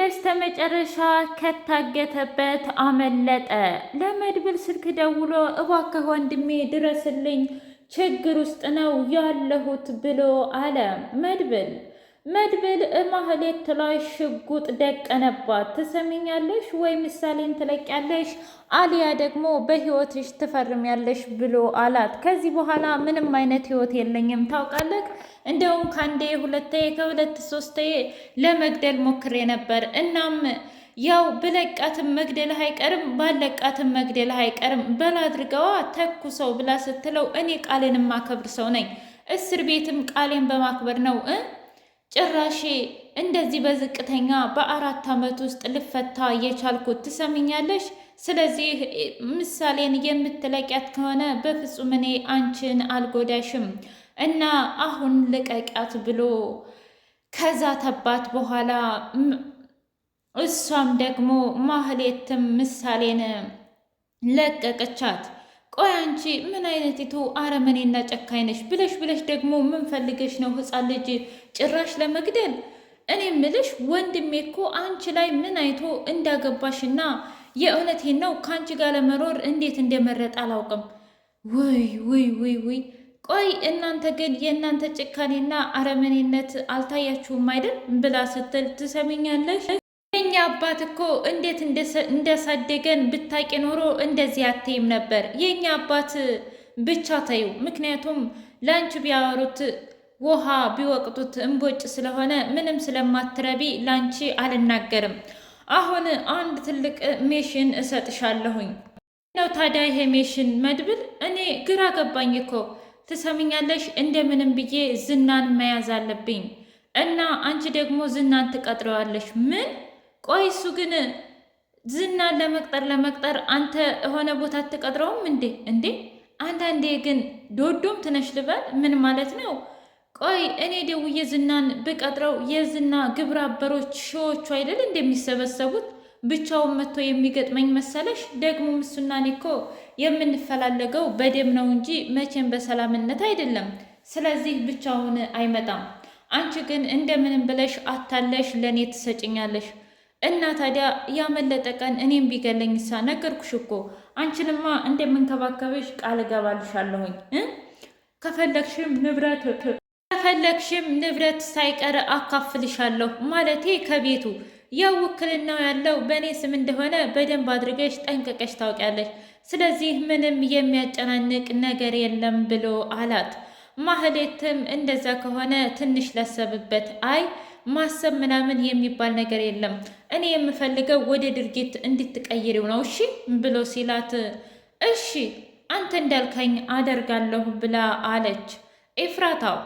በስተመጨረሻ ከታገተበት አመለጠ። ለመድብል ስልክ ደውሎ እባክህ ወንድሜ ድረስልኝ፣ ችግር ውስጥ ነው ያለሁት ብሎ አለ መድብል መድብል ማህሌት ላይ ሽጉጥ ደቀነባት። ትሰሚኛለሽ ወይ ምሳሌን ትለቂያለሽ፣ አሊያ ደግሞ በህይወትሽ ትፈርሚያለሽ ብሎ አላት። ከዚህ በኋላ ምንም አይነት ህይወት የለኝም ታውቃለህ። እንደውም ከአንዴ ሁለቴ ከሁለት ሶስቴ ለመግደል ሞክሬ ነበር። እናም ያው ብለቃትም መግደል አይቀርም ባለቃትም መግደል አይቀርም በላ አድርገዋ ተኩሰው ብላ ስትለው እኔ ቃሌን የማከብር ሰው ነኝ። እስር ቤትም ቃሌን በማክበር ነው እ ጭራሽ እንደዚህ በዝቅተኛ በአራት ዓመት ውስጥ ልፈታ እየቻልኩት ትሰምኛለሽ? ስለዚህ ምሳሌን የምትለቂያት ከሆነ በፍጹም እኔ አንቺን አልጎዳሽም እና አሁን ልቀቂያት ብሎ ከዛተባት በኋላ እሷም ደግሞ ማህሌትም ምሳሌን ለቀቀቻት። ቆይ አንቺ ምን አይነቲቱ አረመኔና ጨካኝ ነሽ? ብለሽ ብለሽ ደግሞ ምን ፈልገሽ ነው ህፃን ልጅ ጭራሽ ለመግደል? እኔ ምልሽ ወንድሜ እኮ አንቺ ላይ ምን አይቶ እንዳገባሽና የእውነቴን ነው ከአንቺ ጋር ለመኖር እንዴት እንደመረጥ አላውቅም። ውይ ውይ ውይ ውይ ቆይ እናንተ ግን የእናንተ ጭካኔና አረመኔነት አልታያችሁም አይደል? ብላ ስትል ትሰሚኛለሽ የኛ አባት እኮ እንዴት እንደሳደገን ብታቂ ኖሮ እንደዚህ አትይም ነበር። የኛ አባት ብቻ ተዩ። ምክንያቱም ላንቺ ቢያወሩት ውሃ ቢወቅጡት እምቦጭ ስለሆነ ምንም ስለማትረቢ ላንቺ አልናገርም። አሁን አንድ ትልቅ ሜሽን እሰጥሻለሁኝ ነው። ታዲያ ይሄ ሜሽን መድብል፣ እኔ ግራ ገባኝ እኮ ትሰምኛለሽ። እንደምንም ብዬ ዝናን መያዝ አለብኝ እና አንቺ ደግሞ ዝናን ትቀጥረዋለሽ ምን ቆይ እሱ ግን ዝናን ለመቅጠር ለመቅጠር አንተ የሆነ ቦታ አትቀጥረውም እንዴ? እንዴ አንዳንዴ ግን ዶዶም ትነሽ ልበል። ምን ማለት ነው? ቆይ እኔ ደውዬ ዝናን ብቀጥረው የዝና ግብረ አበሮች ሺዎቹ አይደል እንደሚሰበሰቡት ብቻውን መጥቶ የሚገጥመኝ መሰለሽ? ደግሞ እሱና እኔ እኮ የምንፈላለገው በደም ነው እንጂ መቼም በሰላምነት አይደለም። ስለዚህ ብቻውን አይመጣም። አንቺ ግን እንደምንም ብለሽ አታለሽ ለእኔ ትሰጭኛለሽ። እና ታዲያ ያመለጠ ቀን እኔም ቢገለኝ ሳ ነገርኩሽ እኮ አንቺንማ እንደምንከባከብሽ ቃል እገባልሻለሁኝ። ከፈለግሽም ንብረት ከፈለግሽም ንብረት ሳይቀር አካፍልሻለሁ። ማለቴ ከቤቱ ያው ውክልናው ያለው በእኔ ስም እንደሆነ በደንብ አድርገሽ ጠንቅቀሽ ታውቂያለሽ። ስለዚህ ምንም የሚያጨናንቅ ነገር የለም ብሎ አላት። ማህሌትም እንደዛ ከሆነ ትንሽ ላሰብበት። አይ ማሰብ ምናምን የሚባል ነገር የለም። እኔ የምፈልገው ወደ ድርጊት እንድትቀይሪው ነው እሺ ብሎ ሲላት፣ እሺ አንተ እንዳልከኝ አደርጋለሁ ብላ አለች ኤፍራታው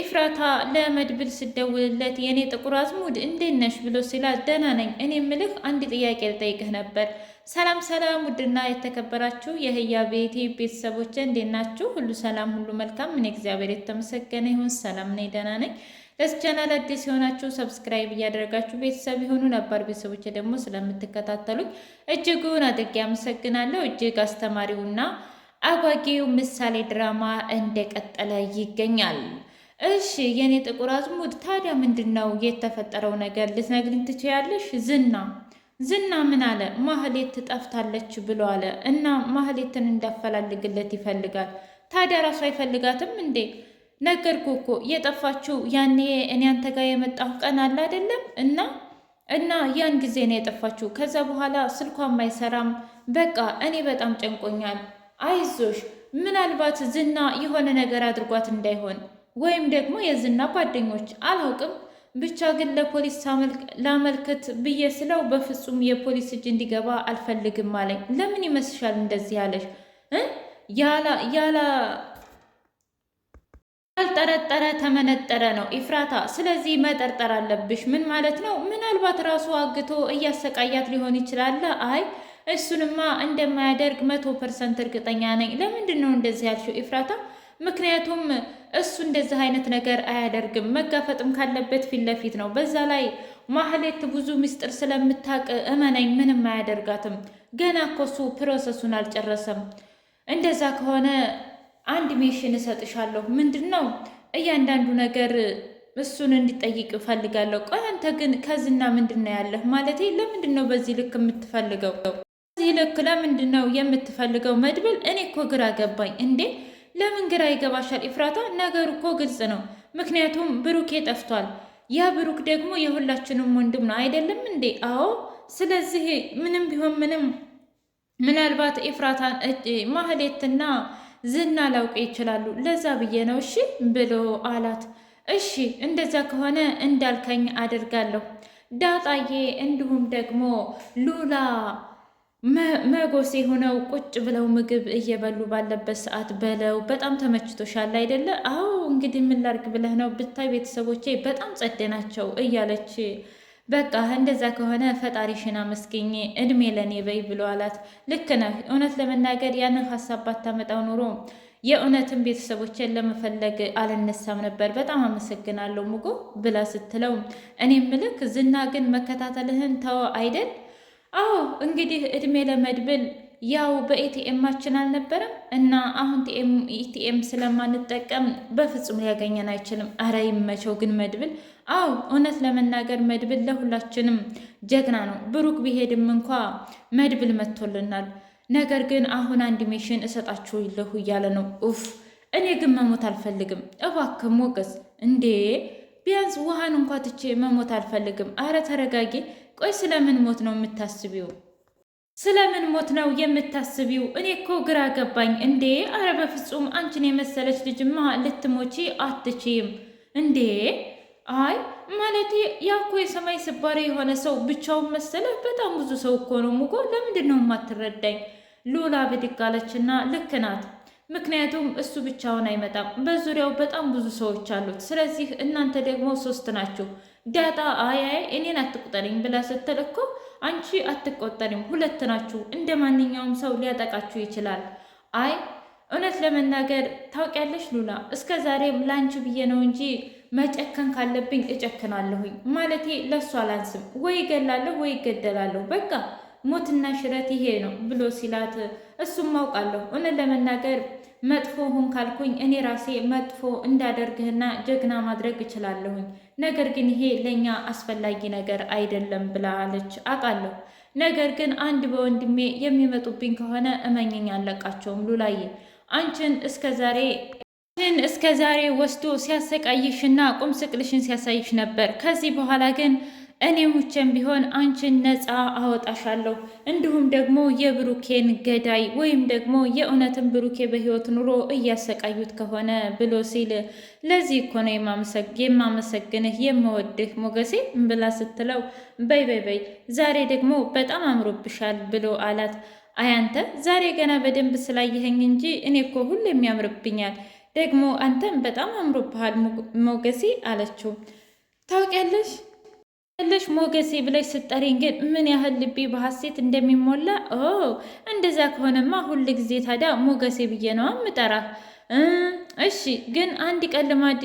ኤፍራታ ለመድብል ስደውልለት የእኔ ጥቁር አዝሙድ እንዴት ነሽ ብሎ ሲላት ደህና ነኝ፣ እኔ ምልህ አንድ ጥያቄ ልጠይቅህ ነበር። ሰላም ሰላም! ውድና የተከበራችሁ የህያ ቤቴ ቤተሰቦች እንዴት ናችሁ? ሁሉ ሰላም፣ ሁሉ መልካም። እኔ እግዚአብሔር የተመሰገነ ይሁን ሰላም ነኝ፣ ደህና ነኝ። ለዚህ ቻናል አዲስ የሆናችሁ ሰብስክራይብ እያደረጋችሁ ቤተሰብ የሆኑ ነባር ቤተሰቦች ደግሞ ስለምትከታተሉኝ እጅጉን አድርጌ አመሰግናለሁ። እጅግ አስተማሪውና አጓጊው ምሳሌ ድራማ እንደቀጠለ ይገኛል። እሺ የእኔ ጥቁር አዝሙድ ታዲያ ምንድን ነው የተፈጠረው ነገር ልትነግሪኝ ትችያለሽ? ዝና ዝና ምን አለ? ማህሌት ጠፍታለች ብሎ አለ እና ማህሌትን እንዳፈላልግለት ይፈልጋል። ታዲያ ራሱ አይፈልጋትም እንዴ? ነገርኩ እኮ የጠፋችው ያኔ እኔ አንተ ጋር የመጣሁ ቀን አለ አይደለም? እና እና ያን ጊዜ ነው የጠፋችው። ከዛ በኋላ ስልኳም አይሰራም። በቃ እኔ በጣም ጨንቆኛል። አይዞሽ ምናልባት ዝና የሆነ ነገር አድርጓት እንዳይሆን ወይም ደግሞ የዝና ጓደኞች አላውቅም። ብቻ ግን ለፖሊስ ላመልክት ብዬ ስለው በፍጹም የፖሊስ እጅ እንዲገባ አልፈልግም አለኝ። ለምን ይመስሻል እንደዚህ ያለሽ? ያላ ያልጠረጠረ ተመነጠረ ነው ኢፍራታ። ስለዚህ መጠርጠር አለብሽ። ምን ማለት ነው? ምናልባት ራሱ አግቶ እያሰቃያት ሊሆን ይችላል። አይ እሱንማ እንደማያደርግ መቶ ፐርሰንት እርግጠኛ ነኝ። ለምንድን ነው እንደዚህ ያልሽው ኢፍራታ? ምክንያቱም እሱ እንደዚህ አይነት ነገር አያደርግም። መጋፈጥም ካለበት ፊት ለፊት ነው። በዛ ላይ ማህሌት ብዙ ምስጢር ስለምታውቅ እመናኝ፣ ምንም አያደርጋትም። ገና እኮ እሱ ፕሮሰሱን አልጨረሰም። እንደዛ ከሆነ አንድ ሜሽን እሰጥሻለሁ። ምንድን ነው? እያንዳንዱ ነገር እሱን እንዲጠይቅ እፈልጋለሁ። ቆይ አንተ ግን ከዝና ምንድን ነው ያለህ? ማለቴ ለምንድን ነው በዚህ ልክ የምትፈልገው? በዚህ ልክ ለምንድን ነው የምትፈልገው? መድብል እኔ እኮ ግራ ገባኝ እንዴ ለምን ግራ ይገባሻል ኢፍራታ ነገሩ እኮ ግልጽ ነው። ምክንያቱም ብሩኬ ጠፍቷል። ያ ብሩክ ደግሞ የሁላችንም ወንድም ነው አይደለም እንዴ? አዎ። ስለዚህ ምንም ቢሆን ምንም ምናልባት ኤፍራታ ማህሌትና ዝና ላውቅ ይችላሉ። ለዛ ብዬ ነው እሺ ብሎ አላት። እሺ እንደዛ ከሆነ እንዳልከኝ አድርጋለሁ ዳጣዬ። እንዲሁም ደግሞ ሉላ መጎሴ ሆነው ቁጭ ብለው ምግብ እየበሉ ባለበት ሰዓት በለው በጣም ተመችቶሻል አይደለ? አዎ እንግዲህ ምን ላድርግ ብለህ ነው ብታይ፣ ቤተሰቦቼ በጣም ጸዴ ናቸው እያለች በቃ እንደዛ ከሆነ ፈጣሪሽን አመስግኝ እድሜ ለእኔ በይ ብሎ አላት። ልክ ነህ። እውነት ለመናገር ያንን ሀሳብ ባታመጣው ኑሮ የእውነትን ቤተሰቦችን ለመፈለግ አልነሳም ነበር። በጣም አመሰግናለሁ ሙጎ ብላ ስትለው እኔም ልክ ዝና ግን መከታተልህን ተወ አይደል አዎ እንግዲህ እድሜ ለመድብል ያው በኤቲኤማችን አልነበረም እና አሁን ኤቲኤም ስለማንጠቀም በፍጹም ሊያገኘን አይችልም። አረ ይመቸው ግን መድብል። አዎ እውነት ለመናገር መድብል ለሁላችንም ጀግና ነው። ብሩክ ቢሄድም እንኳ መድብል መጥቶልናል። ነገር ግን አሁን አንድ ሜሽን እሰጣችሁ ይለሁ እያለ ነው። ኡፍ እኔ ግን መሞት አልፈልግም። እባክህ ሞገስ እንዴ ቢያንስ ውሃን እንኳ ትቼ መሞት አልፈልግም። አረ ተረጋጌ ቆይ ስለምን ሞት ነው የምታስቢው? ስለምን ሞት ነው የምታስቢው? እኔ እኮ ግራ ገባኝ እንዴ! አረ በፍጹም አንቺን የመሰለች ልጅማ ልትሞቺ አትችም እንዴ! አይ ማለቴ ያኮ የሰማይ ስባሪ የሆነ ሰው ብቻውን መሰለ። በጣም ብዙ ሰው እኮ ነው ሙጎ። ለምንድን ነው የማትረዳኝ? ሉላ ብድግ አለችና ልክ ናት። ምክንያቱም እሱ ብቻውን አይመጣም፣ በዙሪያው በጣም ብዙ ሰዎች አሉት። ስለዚህ እናንተ ደግሞ ሶስት ናችሁ። ዳጣ አያይ እኔን አትቆጠሪኝ ብላ ስትል እኮ አንቺ አትቆጠሪም፣ ሁለት ናችሁ። እንደ ማንኛውም ሰው ሊያጠቃችሁ ይችላል። አይ እውነት ለመናገር ታውቂያለሽ ሉላ፣ እስከ ዛሬም ለአንቺ ብዬ ነው እንጂ መጨከን ካለብኝ እጨክናለሁኝ። ማለቴ ለእሱ አላንስም፣ ወይ ይገላለሁ ወይ ይገደላለሁ በቃ ሞትና ሽረት ይሄ ነው ብሎ ሲላት እሱም አውቃለሁ እውነት ለመናገር መጥፎ ሁን ካልኩኝ እኔ ራሴ መጥፎ እንዳደርግህና ጀግና ማድረግ እችላለሁኝ። ነገር ግን ይሄ ለእኛ አስፈላጊ ነገር አይደለም ብላለች። አውቃለሁ፣ ነገር ግን አንድ በወንድሜ የሚመጡብኝ ከሆነ እመኘኝ አለቃቸውም ሉላዬ አንቺን እስከ ዛሬ አንቺን እስከ ዛሬ ወስዶ ሲያሰቃይሽና ቁም ስቅልሽን ሲያሳይሽ ነበር። ከዚህ በኋላ ግን እኔ ውቼም ቢሆን አንቺን ነፃ አወጣሻለሁ። እንዲሁም ደግሞ የብሩኬን ገዳይ ወይም ደግሞ የእውነትን ብሩኬ በህይወት ኑሮ እያሰቃዩት ከሆነ ብሎ ሲል ለዚህ እኮ ነው የማመሰግንህ የምወድህ ሞገሴ ብላ ስትለው በይ በይ በይ ዛሬ ደግሞ በጣም አምሮብሻል ብሎ አላት። አያንተ ዛሬ ገና በደንብ ስላየኸኝ እንጂ እኔ እኮ ሁሌም ያምርብኛል። ደግሞ አንተም በጣም አምሮብሃል ሞገሴ አለችው። ታውቂያለሽ ያለሽ ሞገሴ ብለሽ ስጠሪኝ ግን ምን ያህል ልቤ በሐሴት እንደሚሞላ ኦ እንደዛ ከሆነማ ሁል ጊዜ ታዲያ ሞገሴ ብዬ ነዋ ምጠራ እሺ ግን አንድ ቀን ልማድ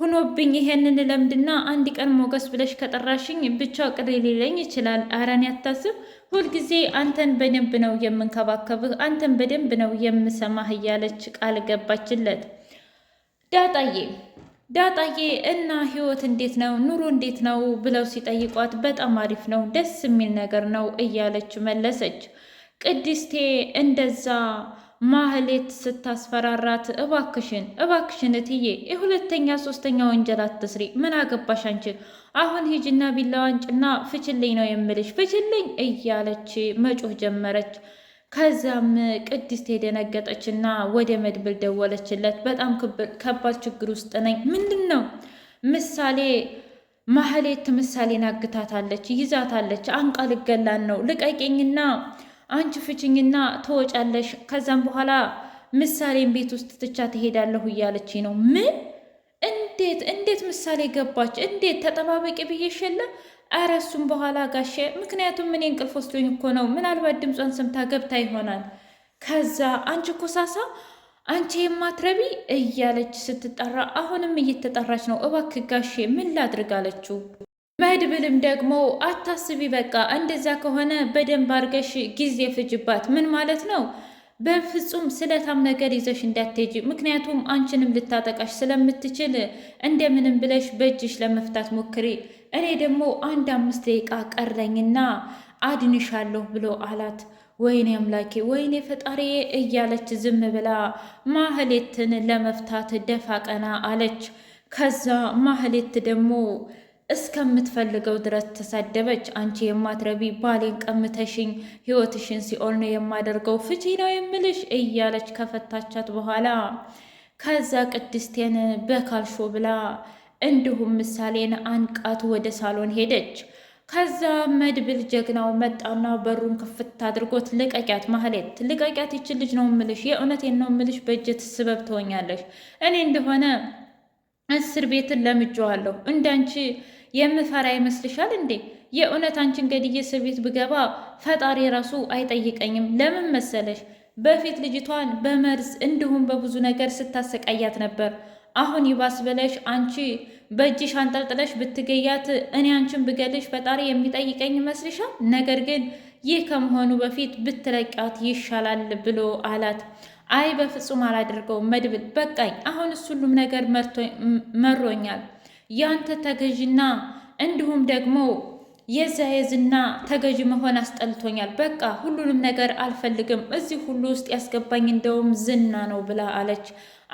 ሁኖብኝ ይሄንን ለምድና አንድ ቀን ሞገስ ብለሽ ከጠራሽኝ ብቻው ቅር ሊለኝ ይችላል አረን ያታስብ ሁልጊዜ አንተን በደንብ ነው የምንከባከብህ አንተን በደንብ ነው የምሰማህ እያለች ቃል ገባችለት ዳጣዬ ዳጣዬ እና ህይወት እንዴት ነው ኑሮ እንዴት ነው ብለው ሲጠይቋት በጣም አሪፍ ነው ደስ የሚል ነገር ነው እያለች መለሰች። ቅድስቴ እንደዛ ማህሌት ስታስፈራራት እባክሽን እባክሽን እትዬ የሁለተኛ ሶስተኛ ወንጀል አትስሪ፣ ምን አገባሽ አንቺ፣ አሁን ሂጅና ቢላዋንጭና ፍችልኝ ነው የምልሽ ፍችልኝ እያለች መጮህ ጀመረች። ከዛም ቅድስት የደነገጠችና ወደ መድብል ደወለችለት። በጣም ከባድ ችግር ውስጥ ነኝ። ምንድን ነው? ምሳሌ ማህሌት ምሳሌን አግታታለች፣ ይዛታለች። አንቃ ልገላን ነው። ልቀቂኝና አንቺ ፍችኝና ትወጫለሽ። ከዛም በኋላ ምሳሌን ቤት ውስጥ ትቻ ትሄዳለሁ እያለች ነው ምን እንዴት እንዴት ምሳሌ ገባች? እንዴት ተጠባበቂ ብዬሽ የለ ኧረ እሱም በኋላ ጋሼ፣ ምክንያቱም እኔ እንቅልፍ ወስዶኝ እኮ ነው። ምናልባት ድምጿን ሰምታ ገብታ ይሆናል። ከዛ አንቺ ኮሳሳ፣ አንቺ የማትረቢ እያለች ስትጠራ፣ አሁንም እየተጠራች ነው። እባክ ጋሼ ምን ላድርግ አለችው። መድብልም ደግሞ አታስቢ፣ በቃ እንደዛ ከሆነ በደንብ አድርገሽ ጊዜ ፍጅባት። ምን ማለት ነው በፍጹም ስለታም ነገር ይዘሽ እንዳትሄጂ፣ ምክንያቱም አንቺንም ልታጠቃሽ ስለምትችል እንደምንም ብለሽ በእጅሽ ለመፍታት ሞክሪ። እኔ ደግሞ አንድ አምስት ደቂቃ ቀረኝና አድንሻለሁ ብሎ አላት። ወይኔ አምላኬ፣ ወይኔ ፈጣሪ እያለች ዝም ብላ ማህሌትን ለመፍታት ደፋ ቀና አለች። ከዛ ማህሌት ደግሞ እስከምትፈልገው ድረስ ተሳደበች። አንቺ የማትረቢ ባሌን ቀምተሽኝ ህይወትሽን ሲኦል ነው የማደርገው፣ ፍቺ ነው የምልሽ እያለች ከፈታቻት በኋላ ከዛ ቅድስቴን በካልሾ ብላ እንዲሁም ምሳሌን አንቃት ወደ ሳሎን ሄደች። ከዛ መድብል ጀግናው መጣና በሩን ክፍት አድርጎት ልቀቂያት፣ ማህሌት ልቀቂያት፣ ይችን ልጅ ነው ምልሽ፣ የእውነቴን ነው ምልሽ፣ በእጀት ስበብ ትሆኛለሽ። እኔ እንደሆነ እስር ቤትን ለምጄዋለሁ እንዳንቺ የምፈራ ይመስልሻል እንዴ? የእውነት አንቺን ገድዬ እስር ቤት ብገባ ፈጣሪ ራሱ አይጠይቀኝም። ለምን መሰለሽ? በፊት ልጅቷን በመርዝ እንዲሁም በብዙ ነገር ስታሰቃያት ነበር። አሁን ይባስ ብለሽ አንቺ በእጅሽ አንጠልጥለሽ ብትገያት እኔ አንቺን ብገልሽ ፈጣሪ የሚጠይቀኝ ይመስልሻል? ነገር ግን ይህ ከመሆኑ በፊት ብትለቂያት ይሻላል ብሎ አላት። አይ በፍጹም አላደርገውም መድብል፣ በቃኝ። አሁን እሱ ሁሉም ነገር መሮኛል። ያንተ ተገዥና እንዲሁም ደግሞ የዛ የዝና ተገዥ መሆን አስጠልቶኛል። በቃ ሁሉንም ነገር አልፈልግም። እዚህ ሁሉ ውስጥ ያስገባኝ እንደውም ዝና ነው ብላ አለች።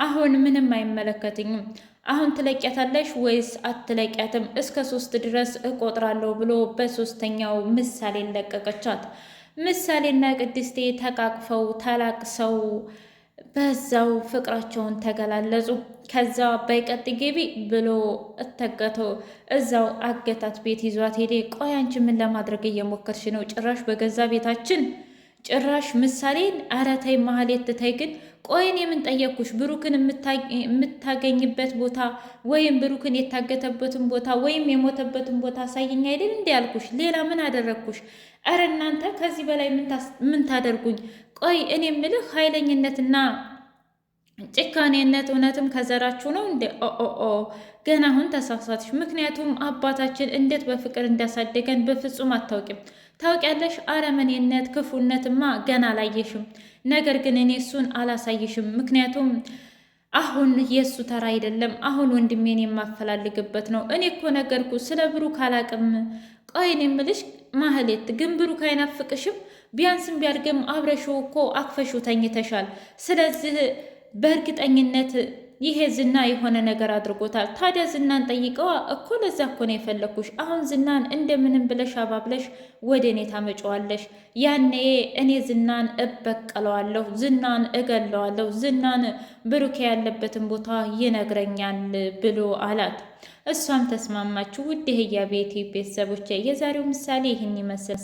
አሁን ምንም አይመለከትኝም። አሁን ትለቂያታለሽ ወይስ አትለቂያትም? እስከ ሶስት ድረስ እቆጥራለሁ ብሎ በሶስተኛው ምሳሌ ለቀቀቻት። ምሳሌና ቅድስቴ ተቃቅፈው ተላቅሰው በዛው ፍቅራቸውን ተገላለጹ። ከዛው አባይ ቀጥ ግቢ ብሎ እተገተው እዛው አገታት ቤት ይዟት ሄደ። ቆይ አንቺ ምን ለማድረግ እየሞከርሽ ነው? ጭራሽ በገዛ ቤታችን ጭራሽ ምሳሌን አረታይ መሀሌት ትታይ ግን ቆይን የምንጠየኩሽ ብሩክን የምታገኝበት ቦታ ወይም ብሩክን የታገተበትን ቦታ ወይም የሞተበትን ቦታ አሳይኝ አይደል እንዲ ያልኩሽ። ሌላ ምን አደረግኩሽ? እረ እናንተ ከዚህ በላይ ምን ታደርጉኝ? ቆይ እኔ ምልህ ኃይለኝነትና ጭካኔነት እውነትም ከዘራችሁ ነው እንደ ኦኦኦ ገና አሁን ተሳሳትሽ። ምክንያቱም አባታችን እንዴት በፍቅር እንዳሳደገን በፍጹም አታውቂም። ታውቂያለሽ፣ አረመኔነት ክፉነትማ ገና አላየሽም። ነገር ግን እኔ እሱን አላሳይሽም፣ ምክንያቱም አሁን የእሱ ተራ አይደለም። አሁን ወንድሜን የማፈላልግበት ነው። እኔ እኮ ነገርኩ ስለ ብሩክ አላቅም። ቆይን የምልሽ ማህሌት ግን ብሩክ አይናፍቅሽም? ቢያንስም ቢያድግም አብረሽው እኮ አክፈሽው ተኝተሻል። ስለዚህ በእርግጠኝነት ይሄ ዝና የሆነ ነገር አድርጎታል። ታዲያ ዝናን ጠይቀዋ እኮ ለዛ እኮ ነው የፈለግኩሽ። አሁን ዝናን እንደምንም ብለሽ አባብለሽ ወደ እኔ ታመጫዋለሽ። ያኔ እኔ ዝናን እበቀለዋለሁ፣ ዝናን እገለዋለሁ፣ ዝናን ብሩኬ ያለበትን ቦታ ይነግረኛል ብሎ አላት። እሷም ተስማማችሁ። ውድ ህያ ቤት ቤተሰቦች የዛሬው ምሳሌ ይህን ይመስል